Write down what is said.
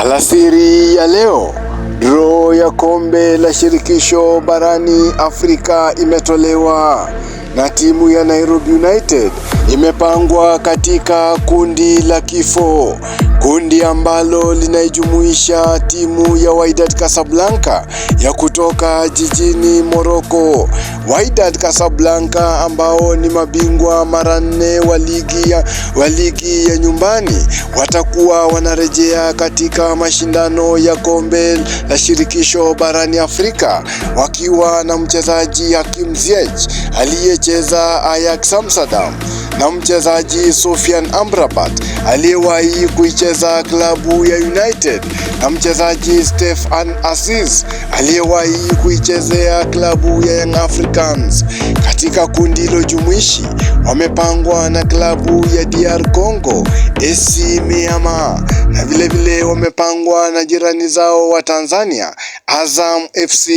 Alasiri ya leo draw ya kombe la shirikisho barani Afrika imetolewa na timu ya Nairobi United imepangwa katika kundi la kifo, kundi ambalo linaijumuisha timu ya Wydad Casablanca ya kutoka jijini Morocco. Wydad Casablanca ambao ni mabingwa mara nne wa ligi ya, wa ligi ya nyumbani watakuwa wanarejea katika mashindano ya kombe la shirikisho barani Afrika wakiwa na mchezaji Hakim Ziyech aliyecheza Ajax Amsterdam na mchezaji Sofian Amrabat aliyewahi kuicheza klabu ya United na mchezaji Stefan Aziz aliyewahi kuichezea klabu ya Young Africans. Katika kundi hilo jumuishi wamepangwa na klabu ya DR Congo, SC Miama na vilevile vile wamepangwa na jirani zao wa Tanzania Azam FC.